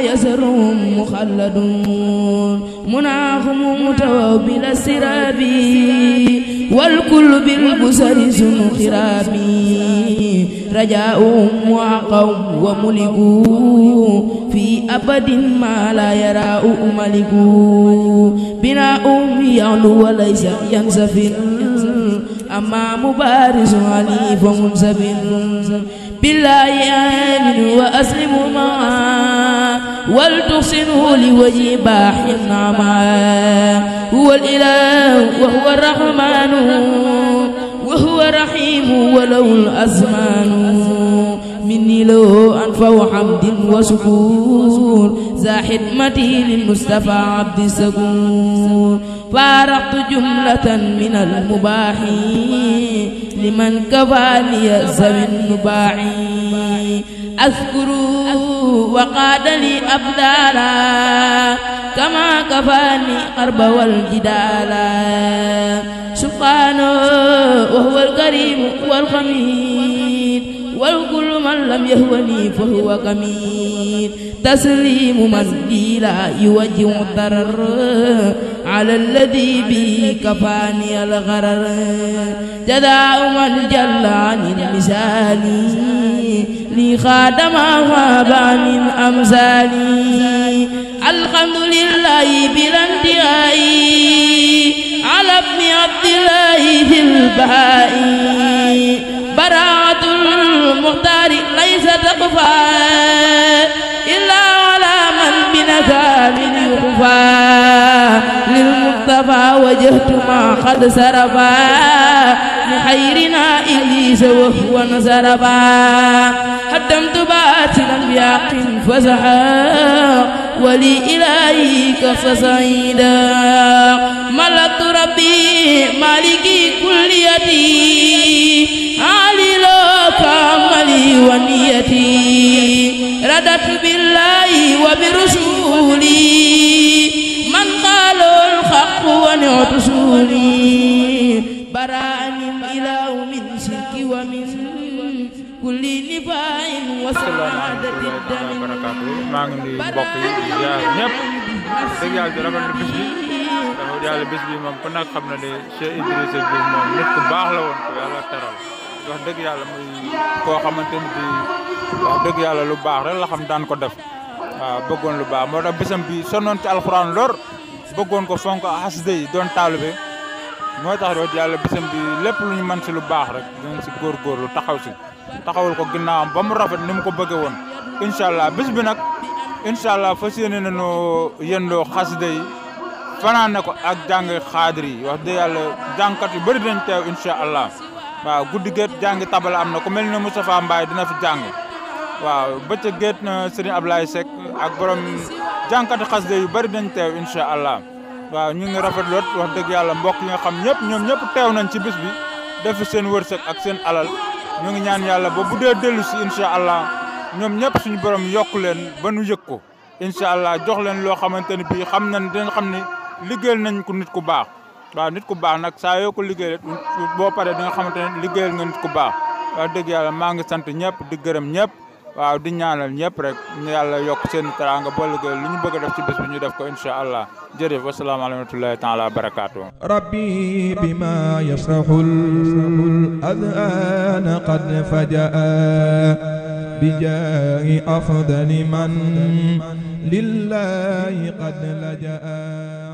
يزرهم مخلدون مناهم متوى بلا سرابي والكل بالبزر زنخرابي رجاؤهم وعقوا وملكوا في أبد ما لا يراء ملك بناؤهم يعلو وليس ينزفر أما مبارز علي فمنزبر بالله آمن وأسلم معاه ولتحسنه لوجه باح عما هو الإله وهو الرحمن وهو رحيم وله الأزمان مني له انف وحمد وسكون ذا حكمتي للمصطفى عبد السكون فارقت جملة من المباحين لمن كفى كفاني زمن مباحين أذكره وقاد لي أبدالا كما كفاني قرب والجدالا سبحانه وهو الكريم والخميد والكل من لم يهوني فهو كميد تسليم من لي لا يوجه الضرر على الذي به كفاني الغرر جزاء من جل عن المثال لي خادم غابا من أمثالي الحمد لله بلا انتهاء على ابن عبد الله في البهاء براعة المختار ليس تقفى إلا على من بنكام يخفى للمصطفى وجهت ما قد سرفا من خيرنا إليس وهو انصرفا قدمت باطلا بحق فزحا ولي إليك فسعيدا ملت ربي مالكي كل يدي علي لوكا ملي ونيتي ردت بالله وبرسولي من قالوا الحق ونعت سولي asalaamaaleykum wa barakaatu maa ngi nuyu mbokk yi di ziar ñëpp dëgg yàlla di moom ku nekk xam na ne Cheikh Idrissa Diop moom nit ku baax la woon ko yàlla teral wax dëgg yàlla muy koo xamante bi wax dëgg yàlla lu baax rek la xam daan ko def waaw bëggoon lu baax moo tax bisam bi sonnoon ci alxuraan lor bëggoon ko fonk xasida yi doon taalibe moo tax root yàlla bisam bi lépp lu ñu man si lu baax rek dinañ si góor góor lu taxaw si taxawul ko ginnaawam ba mu rafet ni mu ko bëggee woon incha allah bis bi nag incha allah fas yéene nañu yendoo xasida yi fanaan ne ko ak jàng xaadir yi wax dëgg yàlla jàngkat yu bëri dinañ teew incha allah waaw guddi géet jàng tabala am na ko mel ne Moustapha Mbaye dina fi jàng waaw bëccëg géet na Serigne Ablaye Seck ak borom jàngkati xasida yu bëri dinañ teew incha allah. waaw ñu ngi rafetlu wax dëgg yàlla mbokk yi nga xam ñëpp ñoom ñëpp teew nañ ci bis bi defi seen wërsëg ak seen alal ñu ngi ñaan yàlla ba bu dee dellu si incha allah ñoom ñëpp suñu borom yokk leen ba nu yëg ko incha allah jox leen loo xamante ni bii xam nañ dañ xam ne liggéeyal nañ ko nit ku baax waaw nit ku baax nag saa yoo ko liggéeyal boo paree da nga xamante ne liggéeyal nga nit ku baax wax dëgg yàlla maa ngi sant ñëpp di gërëm ñëpp waaw di ñaanal ñëpp rek ñu yàlla yokk seen teraanga boole ko lu ñu bëgg a def ci bés bi ñu def ko incha allah jërëjëf wassalaamu alaykum wa rahmatullahi taala wa barakaatu rabbi bima yasrahul adhan qad fajaa bijaahi afdali man lillahi qad lajaa